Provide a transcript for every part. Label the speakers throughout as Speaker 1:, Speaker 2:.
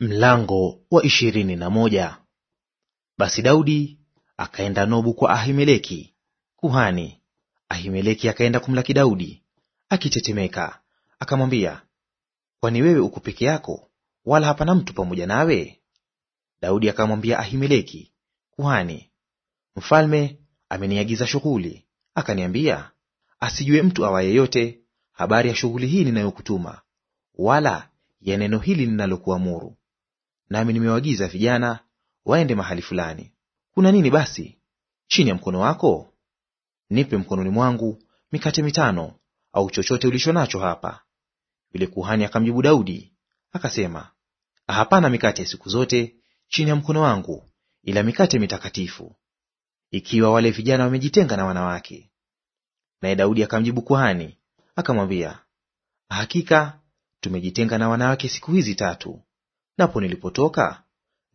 Speaker 1: Mlango wa ishirini na moja. Basi Daudi akaenda Nobu kwa Ahimeleki kuhani. Ahimeleki akaenda kumlaki Daudi akitetemeka, akamwambia, kwani wewe uko peke yako, wala hapana mtu pamoja nawe? Daudi akamwambia Ahimeleki kuhani, mfalme ameniagiza shughuli, akaniambia, asijue mtu awa yote habari ya shughuli hii ninayokutuma, wala ya neno hili ninalokuamuru nami nimewagiza vijana waende mahali fulani. Kuna nini basi chini ya mkono wako? Nipe mkononi mwangu mikate mitano au chochote ulicho nacho hapa. Yule kuhani akamjibu Daudi akasema, hapana mikate ya siku zote chini ya mkono wangu, ila mikate mitakatifu, ikiwa wale vijana wamejitenga na wanawake. Naye Daudi akamjibu kuhani akamwambia, hakika tumejitenga na wanawake siku hizi tatu, Napo nilipotoka,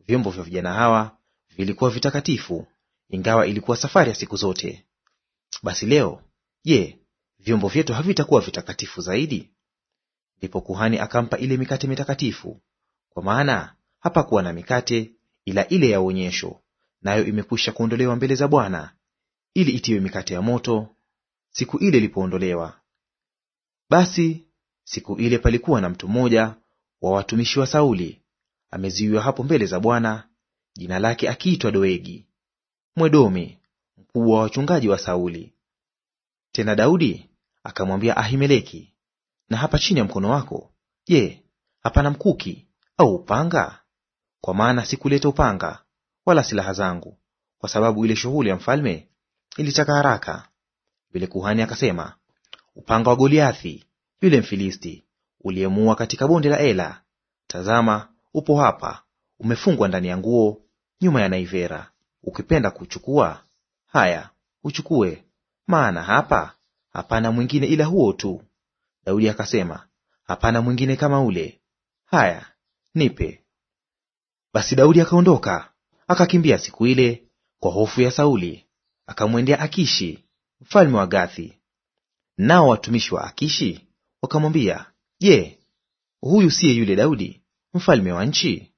Speaker 1: vyombo vya vijana hawa vilikuwa vitakatifu, ingawa ilikuwa safari ya siku zote. Basi leo, je, vyombo vyetu havitakuwa vitakatifu zaidi? Ndipo kuhani akampa ile mikate mitakatifu, kwa maana hapakuwa na mikate ila ile ya uonyesho, nayo imekwisha kuondolewa mbele za Bwana ili itiwe mikate ya moto siku ile ilipoondolewa. Basi siku ile palikuwa na mtu mmoja wa watumishi wa Sauli ameziwiwa hapo mbele za Bwana, jina lake akiitwa Doegi Mwedomi, mkubwa wa wachungaji wa Sauli. Tena Daudi akamwambia Ahimeleki, na hapa chini ya mkono wako, je, hapana mkuki au upanga? Kwa maana sikuleta upanga wala silaha zangu, kwa sababu ile shughuli ya mfalme ilitaka haraka. Yule kuhani akasema, upanga wa Goliathi yule Mfilisti uliyemuua katika bonde la Ela, tazama, upo hapa, umefungwa ndani ya nguo nyuma ya naivera. Ukipenda kuchukua, haya uchukue, maana hapa hapana mwingine ila huo tu. Daudi akasema, hapana mwingine kama ule. Haya, nipe. Basi Daudi akaondoka akakimbia siku ile kwa hofu ya Sauli, akamwendea Akishi mfalme wa Gathi. Nao watumishi wa Akishi wakamwambia, Je, huyu siye yule Daudi mfalme wa nchi?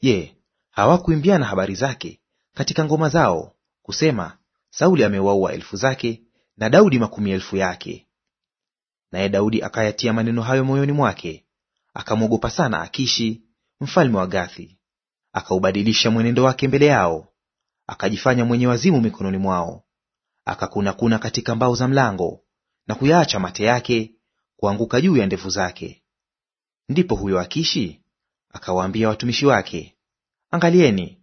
Speaker 1: Je, hawakuimbiana habari zake katika ngoma zao kusema, Sauli amewaua elfu zake na Daudi makumi elfu yake? Naye Daudi akayatia maneno hayo moyoni mwake, akamwogopa sana Akishi mfalme wa Gathi, akaubadilisha mwenendo wake mbele yao, akajifanya mwenye wazimu mikononi mwao, akakunakuna katika mbao za mlango na kuyaacha mate yake kuanguka juu ya ndevu zake. Ndipo huyo Akishi akawaambia watumishi wake, Angalieni,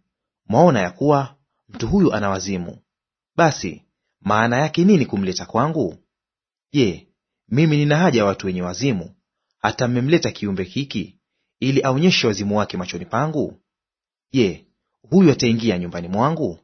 Speaker 1: mwaona ya kuwa mtu huyu ana wazimu. Basi maana yake nini kumleta kwangu? Je, mimi nina haja ya watu wenye wazimu, hata mmemleta kiumbe hiki ili aonyeshe wazimu wake machoni pangu? Je, huyu ataingia nyumbani mwangu?